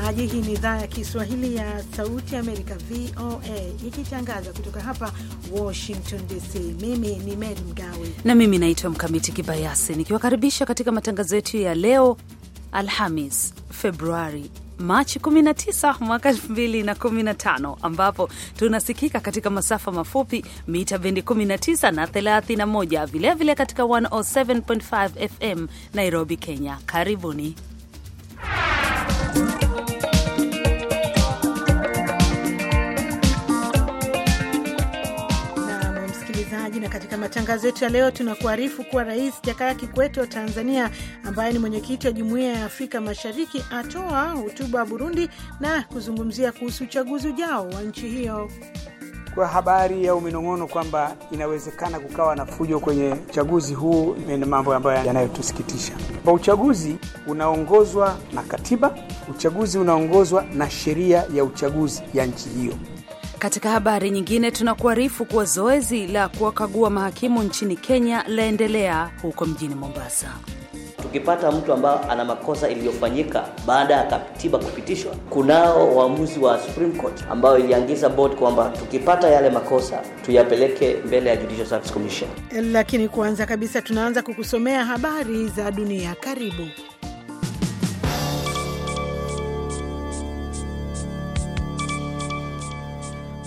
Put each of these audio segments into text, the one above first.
msikilizaji, hii ni idhaa ya Kiswahili ya Sauti ya Amerika, VOA, ikitangaza kutoka hapa Washington DC. Mimi ni Meri Mgawe na mimi naitwa Mkamiti Kibayasi, nikiwakaribisha katika matangazo yetu ya leo Alhamis Februari Machi 19 mwaka 2015, ambapo tunasikika katika masafa mafupi mita bendi 19 na 31, vilevile katika 107.5 FM Nairobi, Kenya. Karibuni. msikilizaji, na katika matangazo yetu ya leo tunakuarifu kuwa Rais Jakaya Kikwete wa Tanzania, ambaye ni mwenyekiti wa Jumuiya ya Afrika Mashariki, atoa hotuba wa Burundi na kuzungumzia kuhusu uchaguzi ujao wa nchi hiyo. Kwa habari au minong'ono kwamba inawezekana kukawa na fujo kwenye uchaguzi huu ni mambo ambayo yanayotusikitisha. Kwa uchaguzi unaongozwa na katiba, uchaguzi unaongozwa na sheria ya uchaguzi ya nchi hiyo. Katika habari nyingine, tunakuarifu kuwa zoezi la kuwakagua mahakimu nchini Kenya laendelea huko mjini Mombasa. Tukipata mtu ambaye ana makosa iliyofanyika baada ya katiba kupitishwa, kunao uamuzi wa Supreme Court ambayo iliangiza board kwamba tukipata yale makosa tuyapeleke mbele ya Judicial Service Commission. Lakini kwanza kabisa tunaanza kukusomea habari za dunia. Karibu.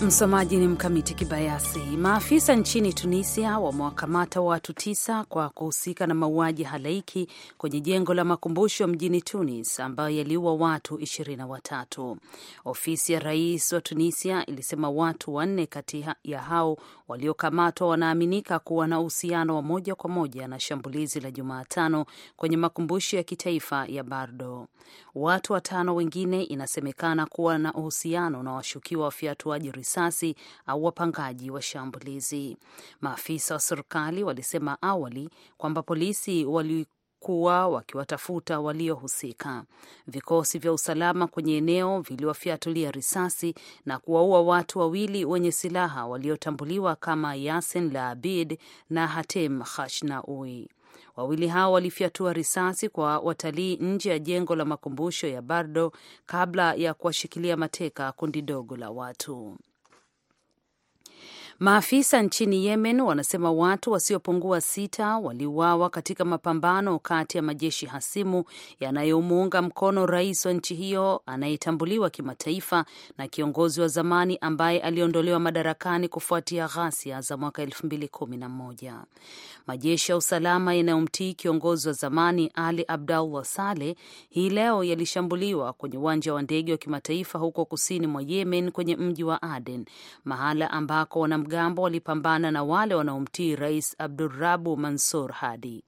Msomaji ni Mkamiti Kibayasi. Maafisa nchini Tunisia wamewakamata watu tisa kwa kuhusika na mauaji halaiki kwenye jengo la makumbusho mjini Tunis ambayo yaliua watu ishirini na watatu. Ofisi ya rais wa Tunisia ilisema watu wanne kati ya hao waliokamatwa wanaaminika kuwa na uhusiano wa moja kwa moja na shambulizi la Jumatano kwenye makumbusho ya kitaifa ya Bardo. Watu watano wengine inasemekana kuwa na uhusiano na washukiwa wafyatuaji risasi au wapangaji wa shambulizi. Maafisa wa serikali walisema awali kwamba polisi wali kuwa wakiwatafuta waliohusika. Vikosi vya usalama kwenye eneo viliwafyatulia risasi na kuwaua watu wawili wenye silaha waliotambuliwa kama Yasin Laabid na Hatem Khashnaui. Wawili hao walifyatua risasi kwa watalii nje ya jengo la makumbusho ya Bardo kabla ya kuwashikilia mateka kundi dogo la watu. Maafisa nchini Yemen wanasema watu wasiopungua sita waliuawa katika mapambano kati ya majeshi hasimu yanayomuunga mkono rais wa nchi hiyo anayetambuliwa kimataifa na kiongozi wa zamani ambaye aliondolewa madarakani kufuatia ghasia za mwaka 2011. Majeshi ya usalama yanayomtii kiongozi wa zamani Ali Abdallah Saleh hii leo yalishambuliwa kwenye uwanja wa ndege wa kimataifa huko kusini mwa Yemen kwenye mji wa Aden, mahala ambako wanam wanamgambo walipambana na wale wanaomtii Rais Abdurabu Mansur Hadi.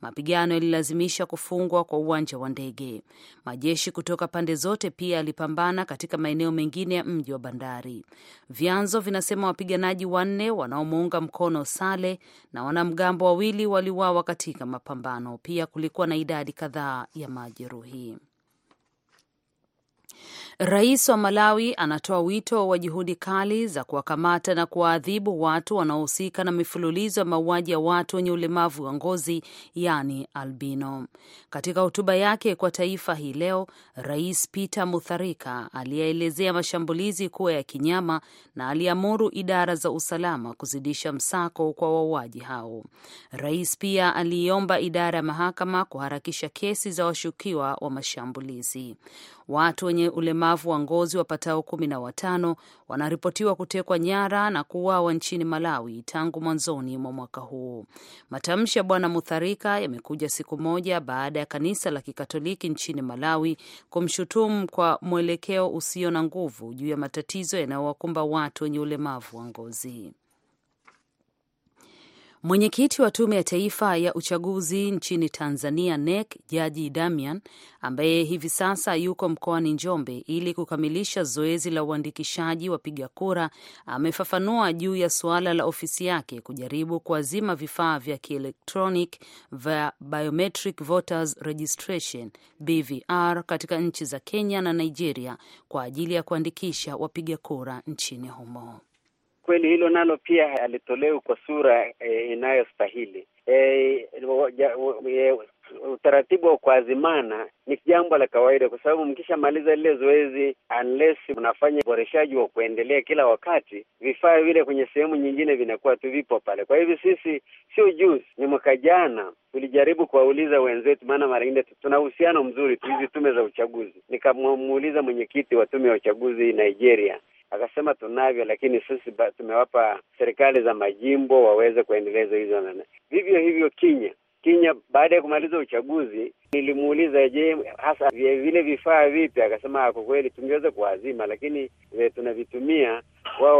Mapigano yalilazimisha kufungwa kwa uwanja wa ndege. Majeshi kutoka pande zote pia yalipambana katika maeneo mengine ya mji wa bandari. Vyanzo vinasema wapiganaji wanne wanaomuunga mkono Sale na wanamgambo wawili waliuawa katika mapambano. Pia kulikuwa na idadi kadhaa ya majeruhi. Rais wa Malawi anatoa wito wa juhudi kali za kuwakamata na kuwaadhibu watu wanaohusika na mifululizo ya mauaji ya watu wenye ulemavu wa ngozi, yani albino. Katika hotuba yake kwa taifa hii leo, Rais Peter Mutharika aliyeelezea mashambulizi kuwa ya kinyama na aliamuru idara za usalama kuzidisha msako kwa wauaji hao. Rais pia aliiomba idara ya mahakama kuharakisha kesi za washukiwa wa mashambulizi. Watu wenye ulemavu wa ngozi wapatao kumi na watano wanaripotiwa kutekwa nyara na kuuawa nchini Malawi tangu mwanzoni mwa mwaka huu. Matamshi ya Bwana Mutharika yamekuja siku moja baada ya kanisa la Kikatoliki nchini Malawi kumshutumu kwa mwelekeo usio na nguvu juu ya matatizo yanayowakumba watu wenye ulemavu wa ngozi. Mwenyekiti wa Tume ya Taifa ya Uchaguzi nchini Tanzania, NEC, Jaji Damian, ambaye hivi sasa yuko mkoani Njombe ili kukamilisha zoezi la uandikishaji wapiga kura, amefafanua juu ya suala la ofisi yake kujaribu kuazima vifaa vya kielektronic vya Biometric Voters Registration BVR katika nchi za Kenya na Nigeria kwa ajili ya kuandikisha wapiga kura nchini humo. Kweli hilo nalo pia halitolewi kwa sura e, inayostahili e, e, utaratibu wa kuazimana ni jambo la kawaida, kwa sababu mkishamaliza lile zoezi, unless mnafanya uboreshaji wa kuendelea kila wakati, vifaa vile kwenye sehemu nyingine vinakuwa tu vipo pale. Kwa hivyo sisi, sio juzi, ni mwaka jana tulijaribu kuwauliza wenzetu, maana mara ingine tuna uhusiano mzuri tu hizi tume za uchaguzi. Nikamuuliza mwenyekiti wa tume ya uchaguzi Nigeria, Akasema tunavyo, lakini sisi tumewapa serikali za majimbo waweze kuendeleza hizo. Vivyo hivyo kinya Kenya baada ya kumaliza uchaguzi nilimuuliza, je, hasa vile vifaa vipi? Akasema kwa kweli tungeweza kuwazima, lakini vile tunavitumia wao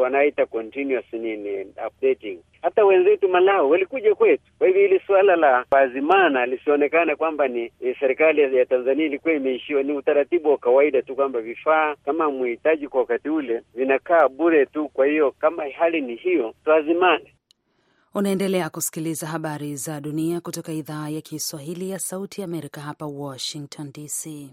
wanaita continuous nini updating. Hata wenzetu Malawi walikuja kwetu. Kwa hivyo hili suala la kuazimana lisionekane kwamba ni serikali ya Tanzania ilikuwa imeishiwa, ni utaratibu wa kawaida tu kwamba vifaa kama muhitaji kwa wakati ule vinakaa bure tu. Kwa hiyo kama hali ni hiyo, tuazimane. Unaendelea kusikiliza habari za dunia kutoka idhaa ya Kiswahili ya Sauti Amerika, hapa Washington DC.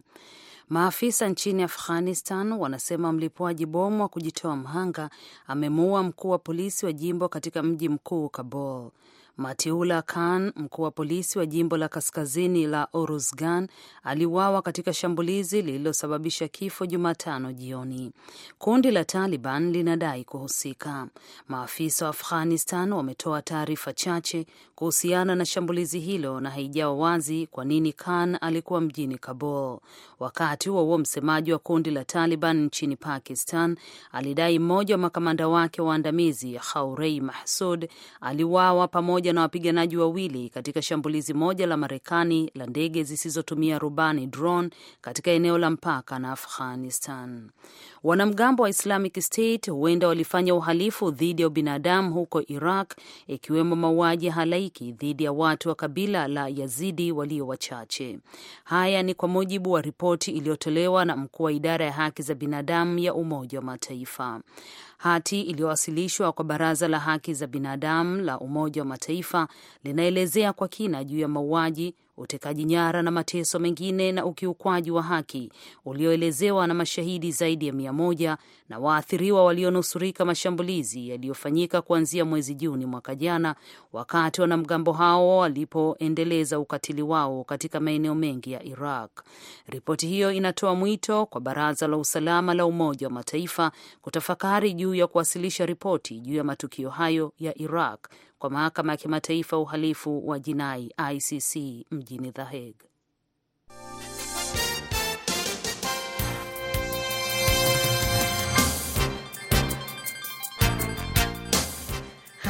Maafisa nchini Afghanistan wanasema mlipuaji bomu wa kujitoa mhanga amemuua mkuu wa polisi wa jimbo katika mji mkuu Kabul. Matiula Khan, mkuu wa polisi wa jimbo la kaskazini la Oruzgan, aliuawa katika shambulizi lililosababisha kifo Jumatano jioni. Kundi la Taliban linadai kuhusika. Maafisa wa Afghanistan wametoa taarifa chache kuhusiana na shambulizi hilo na haijawa wazi kwa nini Khan alikuwa mjini Kabul. Wakati huo huo, msemaji wa kundi la Taliban nchini Pakistan alidai mmoja wa makamanda wake waandamizi Khaurei Mahsud aliuawa pamoja pamoja na wapiganaji wawili katika shambulizi moja la Marekani la ndege zisizotumia rubani drone katika eneo la mpaka na Afghanistan. Wanamgambo wa Islamic State huenda walifanya uhalifu dhidi ya ubinadamu huko Iraq, ikiwemo mauaji ya halaiki dhidi ya watu wa kabila la Yazidi walio wachache. Haya ni kwa mujibu wa ripoti iliyotolewa na mkuu wa idara ya haki za binadamu ya Umoja wa Mataifa. Hati iliyowasilishwa kwa Baraza la Haki za Binadamu la Umoja wa Mataifa linaelezea kwa kina juu ya mauaji, utekaji nyara na mateso mengine na ukiukwaji wa haki ulioelezewa na mashahidi zaidi ya mia 11 na waathiriwa walionusurika mashambulizi yaliyofanyika kuanzia mwezi Juni mwaka jana, wakati wanamgambo hao walipoendeleza ukatili wao katika maeneo mengi ya Iraq. Ripoti hiyo inatoa mwito kwa Baraza la Usalama la Umoja wa Mataifa kutafakari juu ya kuwasilisha ripoti juu ya matukio hayo ya Iraq kwa Mahakama ya Kimataifa ya Uhalifu wa Jinai ICC mjini The Hague.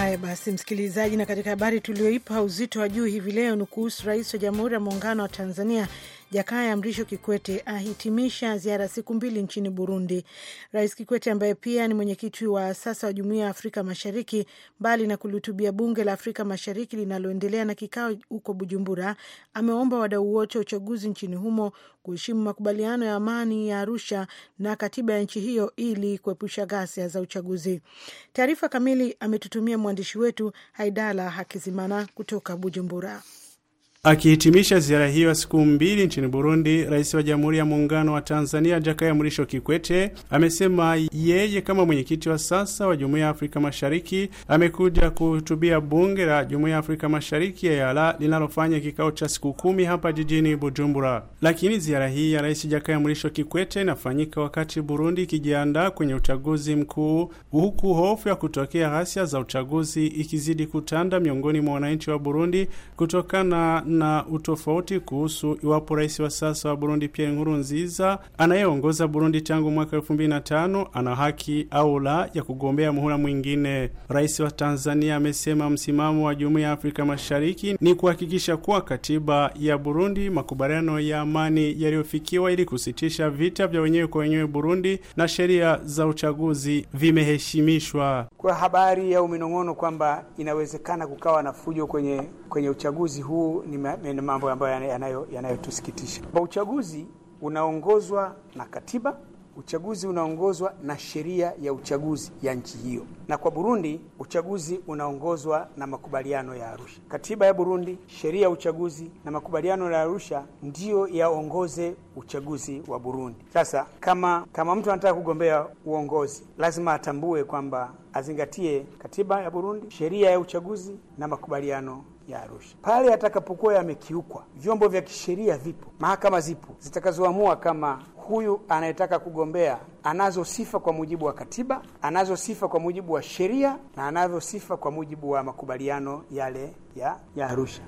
Haya basi, msikilizaji, na katika habari tulioipa uzito wa juu hivi leo ni kuhusu rais wa Jamhuri ya Muungano wa Tanzania Jakaya Mrisho Kikwete ahitimisha ziara siku mbili nchini Burundi. Rais Kikwete ambaye pia ni mwenyekiti wa sasa wa jumuia ya Afrika Mashariki, mbali na kulihutubia bunge la Afrika Mashariki linaloendelea na kikao huko Bujumbura, amewaomba wadau wote wa uchaguzi nchini humo kuheshimu makubaliano ya amani ya Arusha na katiba ya nchi hiyo ili kuepusha ghasia za uchaguzi. Taarifa kamili ametutumia mwandishi wetu Haidala Hakizimana kutoka Bujumbura. Akihitimisha ziara hiyo ya siku mbili nchini Burundi, rais wa Jamhuri ya Muungano wa Tanzania Jakaya Mrisho Kikwete amesema yeye kama mwenyekiti wa sasa wa Jumuiya ya Afrika Mashariki amekuja kuhutubia bunge la Jumuiya ya Afrika Mashariki ya EALA linalofanya kikao cha siku kumi hapa jijini Bujumbura. Lakini ziara hii ya rais Jakaya Mrisho Kikwete inafanyika wakati Burundi ikijiandaa kwenye uchaguzi mkuu, huku hofu ya kutokea ghasia za uchaguzi ikizidi kutanda miongoni mwa wananchi wa Burundi kutokana na utofauti kuhusu iwapo rais wa sasa wa Burundi Pierre Nkurunziza anayeongoza Burundi tangu mwaka tano ana haki au la ya kugombea muhula mwingine. Rais wa Tanzania amesema msimamo wa Jumuiya ya Afrika Mashariki ni kuhakikisha kuwa katiba ya Burundi, makubaliano ya amani yaliyofikiwa ili kusitisha vita vya wenyewe kwa wenyewe Burundi na sheria za uchaguzi vimeheshimishwa. Kwa habari au minong'ono kwamba inawezekana kukawa na fujo kwenye kwenye uchaguzi huu ni ni mambo ambayo yanayotusikitisha. Uchaguzi unaongozwa na katiba, uchaguzi unaongozwa na sheria ya uchaguzi ya nchi hiyo, na kwa Burundi uchaguzi unaongozwa na makubaliano ya Arusha. Katiba ya Burundi, sheria ya uchaguzi na makubaliano ya Arusha ndiyo yaongoze uchaguzi wa Burundi. Sasa kama kama mtu anataka kugombea uongozi, lazima atambue kwamba azingatie katiba ya Burundi, sheria ya uchaguzi na makubaliano ya Arusha. Pale atakapokuwa yamekiukwa, vyombo vya kisheria vipo, mahakama zipo zitakazoamua kama huyu anayetaka kugombea anazo sifa kwa mujibu wa katiba, anazo sifa kwa mujibu wa sheria na anazo sifa kwa mujibu wa makubaliano yale ya, ya Arusha.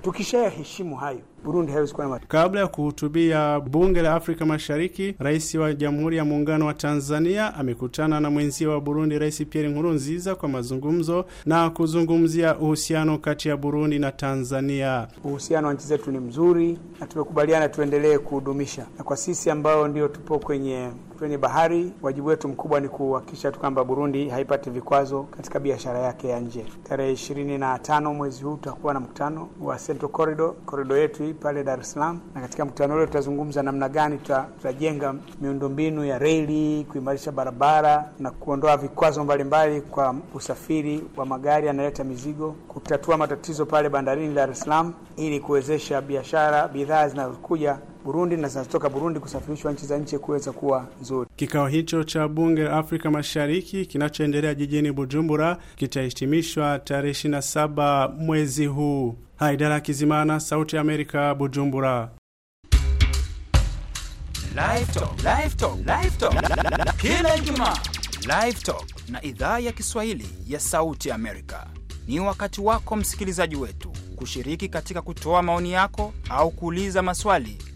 heshimu hayo, Burundi haiwezi kuwa na. Kabla ya kuhutubia bunge la Afrika Mashariki, rais wa Jamhuri ya Muungano wa Tanzania amekutana na mwenzie wa Burundi, Rais Pierre Nkurunziza kwa mazungumzo na kuzungumzia uhusiano kati ya Burundi na Tanzania. Uhusiano wa nchi zetu ni mzuri na tumekubaliana tuendelee kuhudumisha, na kwa sisi ambayo ndio tupo kwenye kwenye bahari, wajibu wetu mkubwa ni kuhakikisha tu kwamba Burundi haipati vikwazo katika biashara yake ya nje. Tarehe ishirini na tano mwezi huu tutakuwa na mkutano wa Central Corridor, korido yetu hii pale Dar es Salaam, na katika mkutano ule tutazungumza namna gani tutajenga miundombinu ya reli, kuimarisha barabara na kuondoa vikwazo mbalimbali kwa usafiri wa magari yanayoleta mizigo, kutatua matatizo pale bandarini Dar es Salaam ili kuwezesha biashara, bidhaa zinazokuja Burundi na zinatoka Burundi kusafirishwa nchi za nje kuweza kuwa nzuri. Kikao hicho cha bunge la Afrika Mashariki kinachoendelea jijini Bujumbura kitahitimishwa tarehe 27 mwezi huu. Haidara Kizimana, Sauti ya Amerika, Bujumbura. Live Talk, Live Talk, Live Talk. Kila Ijumaa Live Talk na idhaa ya Kiswahili ya Sauti Amerika. Ni wakati wako msikilizaji wetu kushiriki katika kutoa maoni yako au kuuliza maswali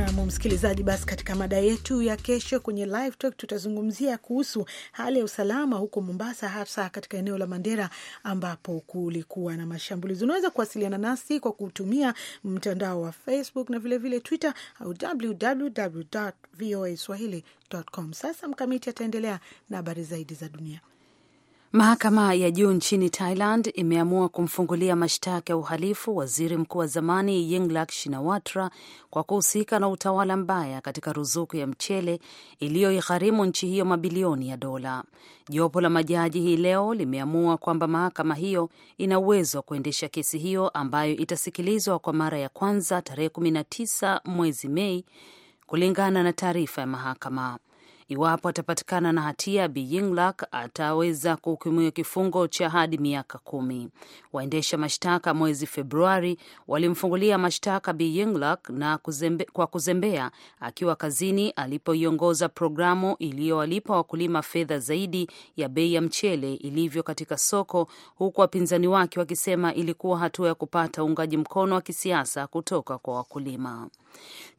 Nam msikilizaji, basi katika mada yetu ya kesho kwenye live talk tutazungumzia kuhusu hali ya usalama huko Mombasa, hasa katika eneo la Mandera ambapo kulikuwa na mashambulizi. Unaweza kuwasiliana nasi kwa kutumia mtandao wa Facebook na vilevile vile Twitter au www Sasa Mkamiti ataendelea na habari zaidi za dunia. Mahakama ya juu nchini Thailand imeamua kumfungulia mashtaka ya uhalifu waziri mkuu wa zamani Yingluck Shinawatra kwa kuhusika na utawala mbaya katika ruzuku ya mchele iliyoigharimu nchi hiyo mabilioni ya dola. Jopo la majaji hii leo limeamua kwamba mahakama hiyo ina uwezo wa kuendesha kesi hiyo ambayo itasikilizwa kwa mara ya kwanza tarehe 19 mwezi Mei, kulingana na taarifa ya mahakama. Iwapo atapatikana na hatia, Bi Yingluck ataweza kuhukumiwa kifungo cha hadi miaka kumi. Waendesha mashtaka mwezi Februari walimfungulia mashtaka Bi Yingluck na kuzembe, kwa kuzembea akiwa kazini alipoiongoza programu iliyowalipa wakulima fedha zaidi ya bei ya mchele ilivyo katika soko, huku wapinzani wake wakisema ilikuwa hatua ya kupata uungaji mkono wa kisiasa kutoka kwa wakulima.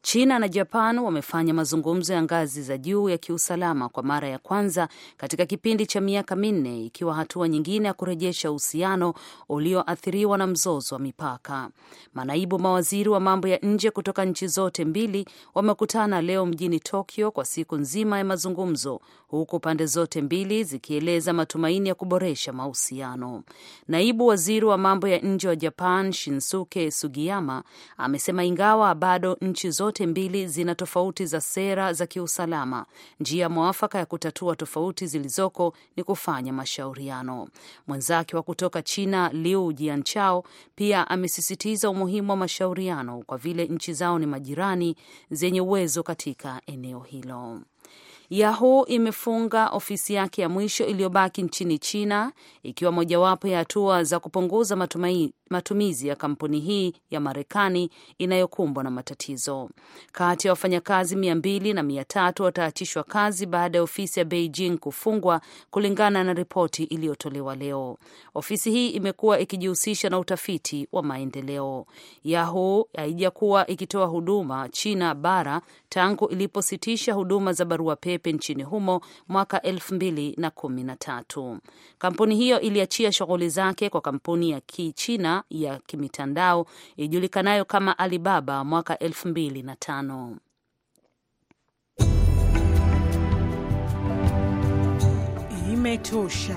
China na Japan wamefanya mazungumzo ya ngazi za juu ya kiusalama usalama kwa mara ya kwanza katika kipindi cha miaka minne, ikiwa hatua nyingine ya kurejesha uhusiano ulioathiriwa na mzozo wa mipaka. Manaibu mawaziri wa mambo ya nje kutoka nchi zote mbili wamekutana leo mjini Tokyo kwa siku nzima ya mazungumzo huku pande zote mbili zikieleza matumaini ya kuboresha mahusiano. Naibu waziri wa mambo ya nje wa Japan Shinsuke Sugiyama amesema ingawa bado nchi zote mbili zina tofauti za sera za kiusalama, njia mwafaka ya kutatua tofauti zilizoko ni kufanya mashauriano. Mwenzake wa kutoka China Liu Jianchao pia amesisitiza umuhimu wa mashauriano kwa vile nchi zao ni majirani zenye uwezo katika eneo hilo. Yahoo imefunga ofisi yake ya mwisho iliyobaki nchini China, ikiwa mojawapo ya hatua za kupunguza matumaini matumizi ya kampuni hii ya Marekani inayokumbwa na matatizo. Kati ya wafanyakazi mia mbili na mia tatu wataachishwa kazi baada ya ofisi ya Beijing kufungwa, kulingana na ripoti iliyotolewa leo. Ofisi hii imekuwa ikijihusisha na utafiti wa maendeleo. Yahoo haijakuwa ikitoa huduma China bara tangu ilipositisha huduma za barua pepe nchini humo mwaka elfu mbili na kumi na tatu. Kampuni hiyo iliachia shughuli zake kwa kampuni ya Kichina ya kimitandao ijulikanayo kama Alibaba mwaka 2005. Imetosha.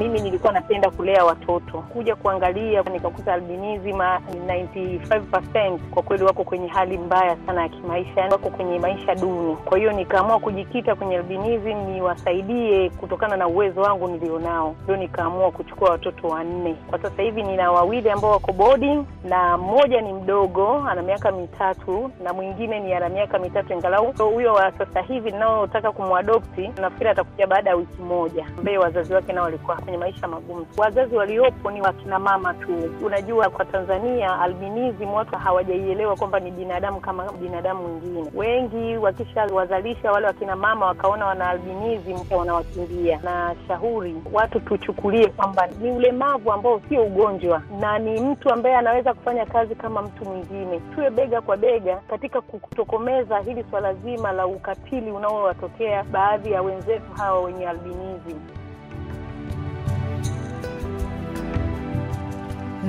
Mimi nilikuwa napenda kulea watoto, kuja kuangalia nikakuta albinism 95% kwa kweli wako kwenye hali mbaya sana ya kimaisha, yani wako kwenye maisha duni. Kwa hiyo nikaamua kujikita kwenye albinism niwasaidie kutokana na uwezo wangu nilionao, ndio nikaamua kuchukua watoto wanne. Kwa sasa hivi nina wawili ambao wako boarding, na mmoja ni mdogo ana miaka mitatu na mwingine ni ana miaka mitatu, ingalau huyo wa sasa hivi ninaotaka kumwadopti nafikiri atakuja baada ya wiki moja, ambaye wazazi wake nao walikuwa kwenye maisha magumu. Wazazi waliopo ni wakina mama tu. Unajua, kwa Tanzania albinism watu hawajaielewa kwamba ni binadamu kama binadamu mwingine. Wengi wakisha wazalisha wale wakina mama wakaona wana albinism wanawakimbia. Na shauri watu tuchukulie kwamba ni ulemavu ambao sio ugonjwa, na ni mtu ambaye anaweza kufanya kazi kama mtu mwingine. Tuwe bega kwa bega katika kutokomeza hili swala zima la ukatili unaowatokea baadhi ya wenzetu hawa wenye albinism.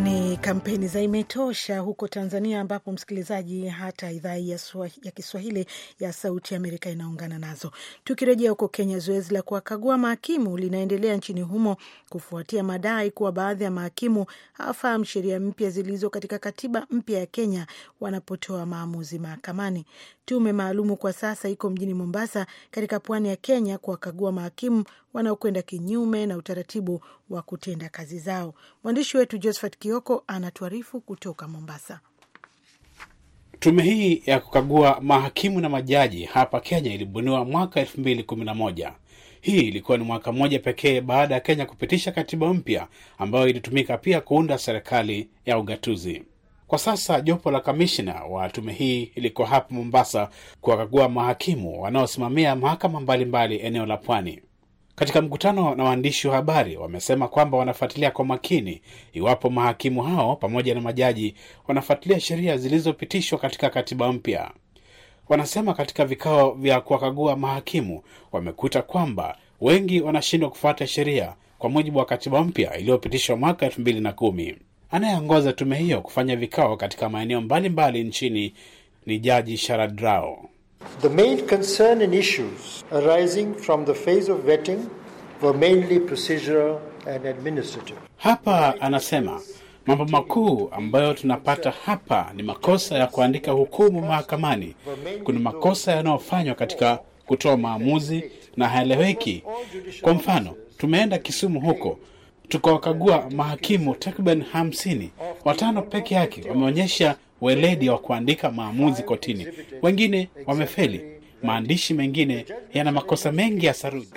Ni kampeni za imetosha huko Tanzania, ambapo msikilizaji, hata idhaa ya Kiswahili ya Sauti Amerika inaungana nazo. Tukirejea huko Kenya, zoezi la kuwakagua mahakimu linaendelea nchini humo kufuatia madai kuwa baadhi ya mahakimu hawafahamu sheria mpya zilizo katika katiba mpya ya Kenya wanapotoa maamuzi mahakamani. Tume maalumu kwa sasa iko mjini Mombasa katika pwani ya Kenya kuwakagua mahakimu wanaokwenda kinyume na utaratibu wa kutenda kazi zao. Mwandishi wetu Josephat Kioko anatuarifu kutoka Mombasa. Tume hii ya kukagua mahakimu na majaji hapa Kenya ilibuniwa mwaka elfu mbili kumi na moja. Hii ilikuwa ni mwaka mmoja pekee baada ya Kenya kupitisha katiba mpya ambayo ilitumika pia kuunda serikali ya ugatuzi. Kwa sasa jopo la kamishna wa tume hii liko hapa Mombasa kuwakagua mahakimu wanaosimamia mahakama mbalimbali eneo la Pwani. Katika mkutano na waandishi wa habari wamesema kwamba wanafuatilia kwa makini iwapo mahakimu hao pamoja na majaji wanafuatilia sheria zilizopitishwa katika katiba mpya. Wanasema katika vikao vya kuwakagua mahakimu wamekuta kwamba wengi wanashindwa kufuata sheria kwa mujibu wa katiba mpya iliyopitishwa mwaka elfu Anayeongoza tume hiyo kufanya vikao katika maeneo mbalimbali nchini ni Jaji Sharad Rao. The main concern and issues arising from the phase of vetting were mainly procedural and administrative. Hapa anasema mambo makuu ambayo tunapata hapa ni makosa ya kuandika hukumu mahakamani. Kuna makosa yanayofanywa katika kutoa maamuzi na haeleweki. Kwa mfano, tumeenda Kisumu huko tukawakagua mahakimu takriban hamsini. Watano peke yake wameonyesha weledi wa kuandika maamuzi kotini, wengine wamefeli. Maandishi mengine yana makosa mengi ya saruji.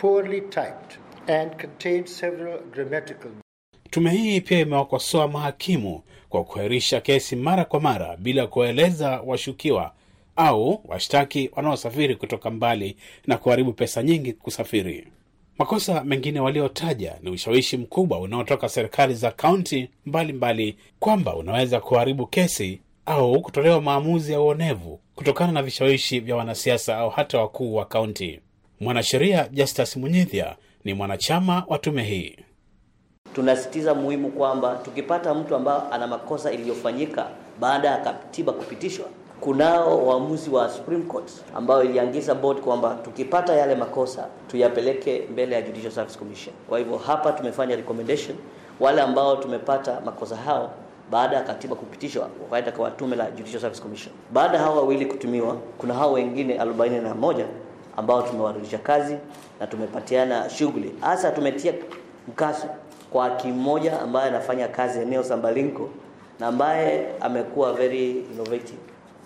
Tume hii pia imewakosoa mahakimu kwa kuahirisha kesi mara kwa mara bila kuwaeleza washukiwa au washtaki wanaosafiri kutoka mbali na kuharibu pesa nyingi kusafiri. Makosa mengine waliotaja ni ushawishi mkubwa unaotoka serikali za kaunti mbalimbali kwamba unaweza kuharibu kesi au kutolewa maamuzi ya uonevu kutokana na vishawishi vya wanasiasa au hata wakuu wa kaunti. Mwanasheria Justus munyidhya ni mwanachama wa tume hii. Tunasitiza muhimu kwamba tukipata mtu ambayo ana makosa iliyofanyika baada ya katiba kupitishwa kunao waamuzi wa Supreme Court ambayo iliangiza board kwamba tukipata yale makosa tuyapeleke mbele ya Judicial Service Commission. Kwa hivyo hapa tumefanya recommendation wale ambao tumepata makosa hao baada ya katiba kupitishwa wakaenda kwa tume la Judicial Service Commission. Baada hao wawili kutumiwa, kuna hao wengine 41 ambao tumewarudisha kazi na tumepatiana shughuli. Hasa tumetia mkazo kwa kimoja ambaye anafanya kazi eneo Sambalinko na ambaye amekuwa very innovative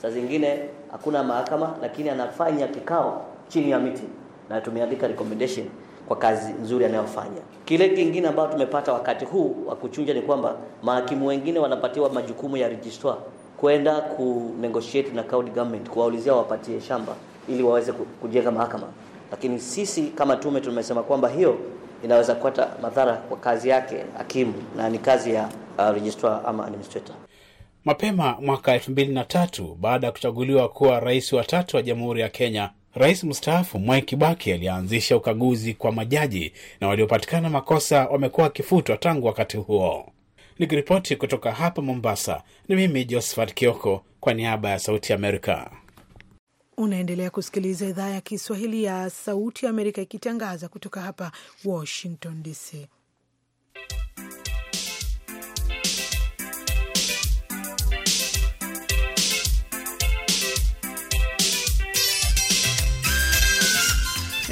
Saa zingine hakuna mahakama, lakini anafanya kikao chini ya miti, na tumeandika recommendation kwa kazi nzuri anayofanya. Kile kingine ambayo tumepata wakati huu wa kuchunja ni kwamba mahakimu wengine wanapatiwa majukumu ya registrar kwenda ku negotiate na county government kuwaulizia wapatie shamba ili waweze kujenga mahakama, lakini sisi kama tume tumesema kwamba hiyo inaweza kupata madhara kwa kazi yake hakimu na ni kazi ya uh, registrar ama administrator. Mapema mwaka elfu mbili na tatu baada ya kuchaguliwa kuwa rais wa tatu wa Jamhuri ya Kenya, rais mstaafu Mwai Kibaki alianzisha ukaguzi kwa majaji na waliopatikana makosa wamekuwa wakifutwa tangu wakati huo. Nikiripoti kutoka hapa Mombasa, ni mimi Josephat Kioko kwa niaba ya Sauti Amerika. Unaendelea kusikiliza idhaa ya Kiswahili ya Sauti Amerika ikitangaza kutoka hapa Washington DC.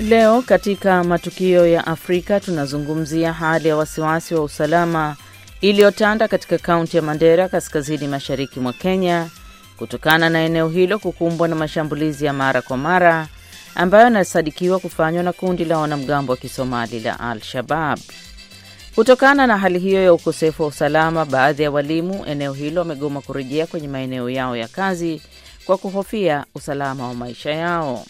Leo katika matukio ya Afrika tunazungumzia hali ya wasiwasi wa usalama iliyotanda katika kaunti ya Mandera kaskazini mashariki mwa Kenya kutokana na eneo hilo kukumbwa na mashambulizi ya mara kwa mara ambayo yanasadikiwa kufanywa na kundi la wanamgambo wa Kisomali la Al-Shabab. Kutokana na hali hiyo ya ukosefu wa usalama, baadhi ya walimu eneo hilo wamegoma kurejea kwenye maeneo yao ya kazi kwa kuhofia usalama wa maisha yao.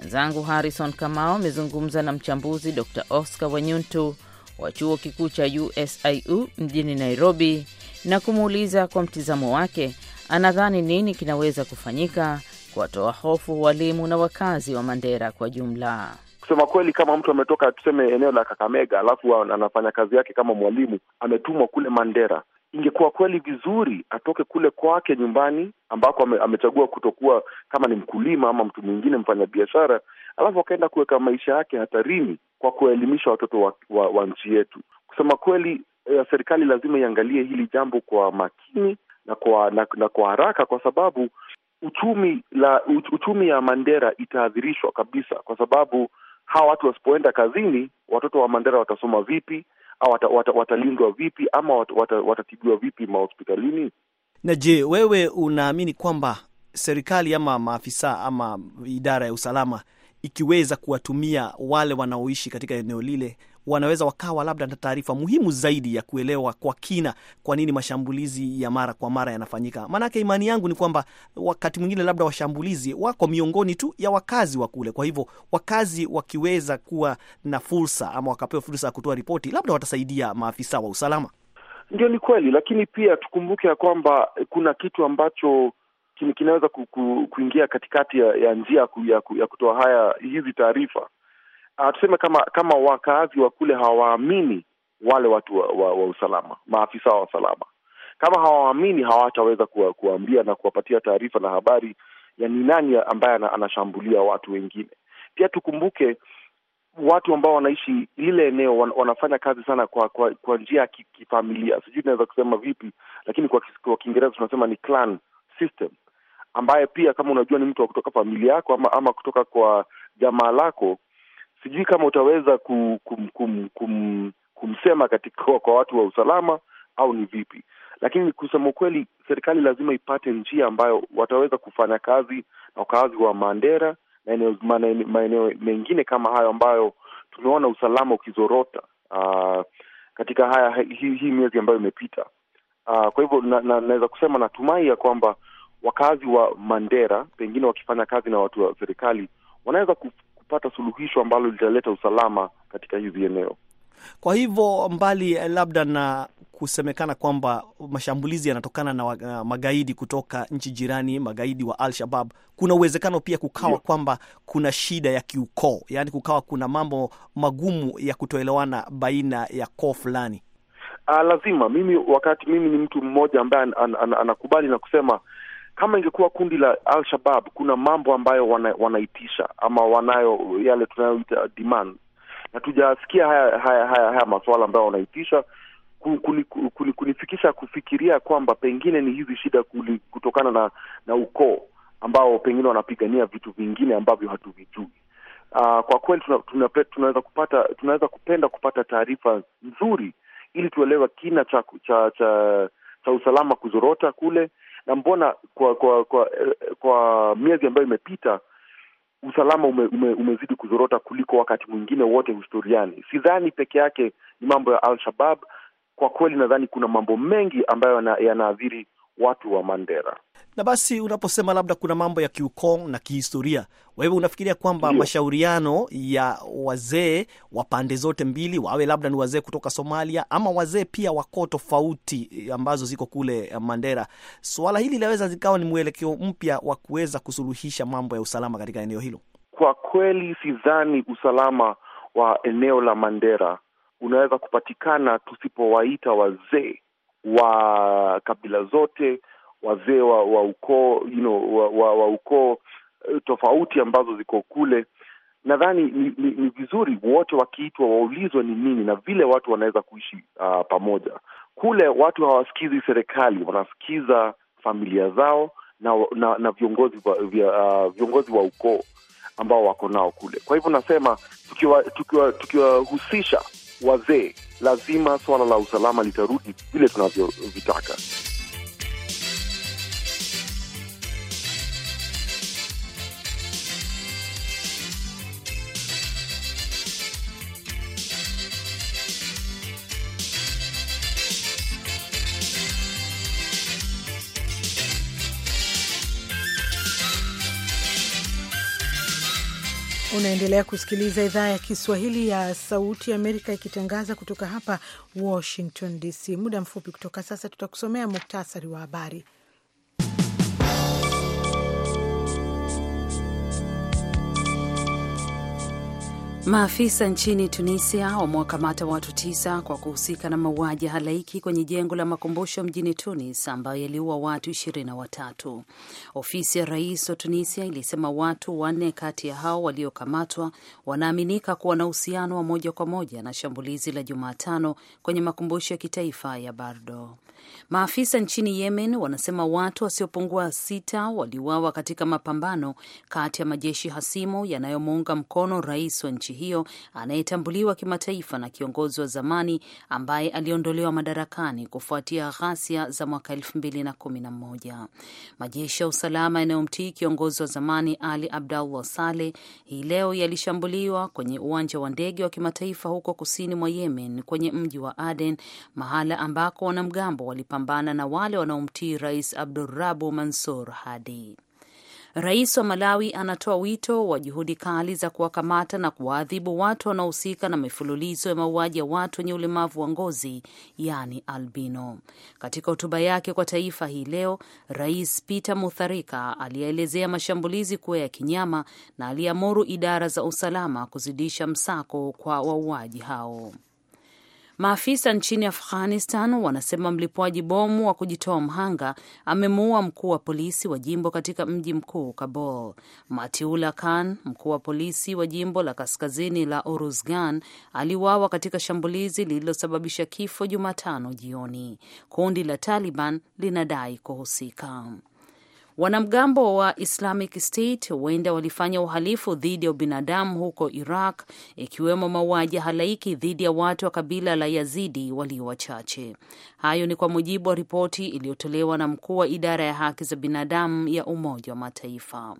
Mwenzangu Harrison Kamao amezungumza na mchambuzi Dr Oscar Wanyuntu wa chuo kikuu cha USIU mjini Nairobi na kumuuliza kwa mtizamo wake anadhani nini kinaweza kufanyika kuwatoa hofu walimu na wakazi wa Mandera kwa jumla. Kusema kweli, kama mtu ametoka tuseme eneo la Kakamega alafu anafanya kazi yake kama mwalimu, ametumwa kule Mandera, ingekuwa kweli vizuri atoke kule kwake nyumbani ambako ame, amechagua kutokuwa kama ni mkulima ama mtu mwingine mfanya biashara alafu akaenda kuweka maisha yake hatarini kwa kuwaelimisha watoto wa, wa, wa nchi yetu. Kusema kweli, eh, serikali lazima iangalie hili jambo kwa makini na kwa na, na kwa haraka kwa sababu uchumi la uchumi ya Mandera itaadhirishwa kabisa, kwa sababu hawa watu wasipoenda kazini, watoto wa Mandera watasoma vipi? watalindwa vipi ama watatibiwa vipi mahospitalini? Na je, wewe unaamini kwamba serikali ama maafisa ama idara ya usalama ikiweza kuwatumia wale wanaoishi katika eneo lile wanaweza wakawa labda na taarifa muhimu zaidi ya kuelewa kwa kina kwa nini mashambulizi ya mara kwa mara yanafanyika. Maanake imani yangu ni kwamba wakati mwingine labda washambulizi wako miongoni tu ya wakazi wa kule. Kwa hivyo wakazi wakiweza kuwa na fursa ama wakapewa fursa ya kutoa ripoti, labda watasaidia maafisa wa usalama. Ndio, ni kweli, lakini pia tukumbuke ya kwamba kuna kitu ambacho kinaweza kuingia katikati ya, ya njia ya, ya kutoa haya hizi taarifa uh, tuseme kama kama wakaazi wa kule hawaamini wale watu wa, wa, wa usalama, maafisa wa usalama, kama hawaamini hawataweza kuwa, kuwaambia na kuwapatia taarifa na habari ya ni nani ambaye anashambulia watu wengine. Pia tukumbuke watu ambao wanaishi lile eneo wan, wanafanya kazi sana kwa kwa, kwa njia ya kifamilia, sijui inaweza kusema vipi, lakini kwa, kwa Kiingereza tunasema ni clan system ambaye pia kama unajua ni mtu wa kutoka familia yako ama, ama kutoka kwa jamaa lako sijui kama utaweza kum, kum, kum, kum, kumsema katika kwa watu wa usalama au ni vipi, lakini kusema ukweli, serikali lazima ipate njia ambayo wataweza kufanya kazi na wakaazi wa Mandera na maeneo mengine kama hayo ambayo tumeona usalama ukizorota uh, katika haya hii hi miezi ambayo imepita. Uh, kwa hivyo naweza na, na kusema natumai ya kwamba wakazi wa Mandera pengine wakifanya kazi na watu wa serikali wanaweza kupata suluhisho ambalo litaleta usalama katika hivi eneo. Kwa hivyo mbali eh, labda na kusemekana kwamba mashambulizi yanatokana na, magaidi kutoka nchi jirani, magaidi wa Al-Shabab, kuna uwezekano pia kukawa kwamba kuna shida ya kiukoo, yaani kukawa kuna mambo magumu ya kutoelewana baina ya koo fulani. Ah, lazima mimi wakati mimi ni mtu mmoja ambaye an, an, an, anakubali na kusema kama ingekuwa kundi la Al-Shabab, kuna mambo ambayo wana, wanaitisha ama wanayo yale tunayoita demand, na tujasikia haya, haya, haya, haya masuala ambayo wanaitisha kunifikisha kufikiria kwamba pengine ni hizi shida kuli, kutokana na na ukoo ambao pengine wanapigania vitu vingine ambavyo hatuvijui. Uh, kwa kweli tuna, tuna, tunaweza kupata tunaweza kupenda kupata taarifa nzuri ili tuelewe kina cha, cha, cha, cha usalama kuzorota kule na mbona kwa kwa kwa, kwa miezi ambayo imepita usalama ume, ume, umezidi kuzorota kuliko wakati mwingine wote historiani. Sidhani peke yake ni mambo ya Al-Shabab. Kwa kweli, nadhani kuna mambo mengi ambayo yanaadhiri yanaathiri watu wa Mandera. Na basi unaposema labda kuna mambo ya kiukoo na kihistoria, wewe unafikiria kwamba Ndiyo. mashauriano ya wazee wa pande zote mbili, wawe labda ni wazee kutoka Somalia ama wazee pia wakoo tofauti eh, ambazo ziko kule eh, Mandera, swala hili linaweza zikawa ni mwelekeo mpya wa kuweza kusuluhisha mambo ya usalama katika eneo hilo? Kwa kweli sidhani usalama wa eneo la Mandera unaweza kupatikana tusipowaita wazee wa kabila zote wazee wa, wa ukoo you know, wa, wa, wa ukoo eh, tofauti ambazo ziko kule. Nadhani ni, ni, ni vizuri wote wakiitwa waulizwe ni nini na vile watu wanaweza kuishi uh, pamoja. Kule watu hawasikizi serikali, wanasikiza familia zao na na, na viongozi wa, uh, viongozi wa ukoo ambao wako nao kule. Kwa hivyo nasema tukiwahusisha tukiwa, tukiwa wazee, lazima suala la usalama litarudi vile tunavyovitaka. Unaendelea kusikiliza idhaa ya Kiswahili ya Sauti ya Amerika ikitangaza kutoka hapa Washington DC. Muda mfupi kutoka sasa, tutakusomea muktasari wa habari. Maafisa nchini Tunisia wamewakamata watu tisa kwa kuhusika na mauaji halaiki kwenye jengo la makumbusho mjini Tunis ambayo yaliua watu ishirini na watatu. Ofisi ya rais wa Tunisia ilisema watu wanne kati ya hao waliokamatwa wanaaminika kuwa na uhusiano wa moja kwa moja na shambulizi la Jumatano kwenye makumbusho ya kitaifa ya Bardo. Maafisa nchini Yemen wanasema watu wasiopungua sita waliuawa katika mapambano kati ya majeshi hasimu yanayomuunga mkono rais wa nchi nchi hiyo anayetambuliwa kimataifa na kiongozi wa zamani ambaye aliondolewa madarakani kufuatia ghasia za mwaka elfu mbili na kumi na moja. Majeshi ya usalama yanayomtii kiongozi wa zamani Ali abdullah Saleh hii leo yalishambuliwa kwenye uwanja wa ndege wa kimataifa huko kusini mwa Yemen, kwenye mji wa Aden, mahala ambako wanamgambo walipambana na wale wanaomtii Rais Abdurabu Mansur Hadi. Rais wa Malawi anatoa wito wa juhudi kali za kuwakamata na kuwaadhibu watu wanaohusika na mifululizo ya mauaji ya watu wenye ulemavu wa ngozi, yaani albino. Katika hotuba yake kwa taifa hii leo, Rais Peter Mutharika aliyeelezea mashambulizi kuwa ya kinyama na aliamuru idara za usalama kuzidisha msako kwa wauaji hao. Maafisa nchini Afghanistan wanasema mlipuaji bomu wa kujitoa mhanga amemuua mkuu wa polisi wa jimbo katika mji mkuu Kabul. Matiula Khan, mkuu wa polisi wa jimbo la kaskazini la Uruzgan, aliuawa katika shambulizi lililosababisha kifo Jumatano jioni. Kundi la Taliban linadai kuhusika. Wanamgambo wa Islamic State huenda walifanya uhalifu dhidi ya ubinadamu huko Iraq, ikiwemo mauaji halaiki dhidi ya watu wa kabila la Yazidi walio wachache. Hayo ni kwa mujibu wa ripoti iliyotolewa na mkuu wa idara ya haki za binadamu ya Umoja wa Mataifa.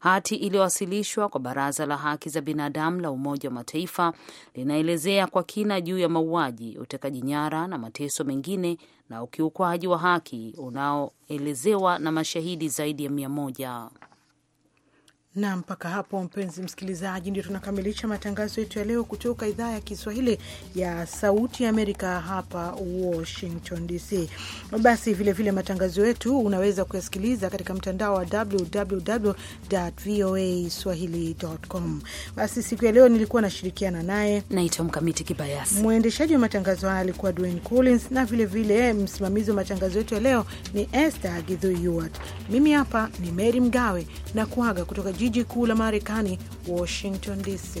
Hati iliyowasilishwa kwa Baraza la Haki za Binadamu la Umoja wa Mataifa linaelezea kwa kina juu ya mauaji, utekaji nyara na mateso mengine na ukiukwaji wa haki unaoelezewa na mashahidi zaidi ya mia moja na mpaka hapo, mpenzi msikilizaji, ndio tunakamilisha matangazo yetu ya leo kutoka idhaa ya Kiswahili ya Sauti Amerika hapa Washington DC. Basi vilevile vile matangazo yetu unaweza kuyasikiliza katika mtandao wa www voa swahili.com. Basi siku ya leo nilikuwa nashirikiana naye, naitwa Mkamiti Kibayasi. Mwendeshaji wa matangazo haya alikuwa Dwayne Collins, na vilevile vile, msimamizi wa matangazo yetu ya leo ni Esther Githui Mimi hapa ni Mary Mgawe na kuaga kutoka jiji kuu la Marekani, Washington DC.